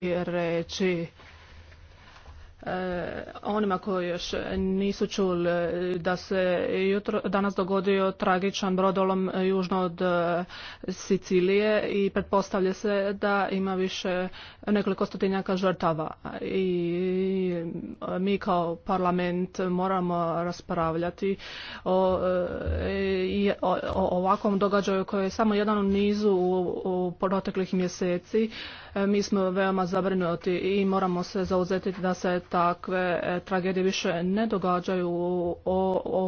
reći e, onima koji još nisu čuli da se jutro, danas dogodio tragičan brodolom južno od e, Sicilije i pretpostavlja se da ima više nekoliko stotinjaka žrtava i e, mi kao parlament moramo raspravljati o o ovakvom događaju koji je samo jedan u nizu u proteklih mjeseci. E, mi smo veoma zabrinuti i moramo se zauzetiti da se takve e, tragedije više ne događaju o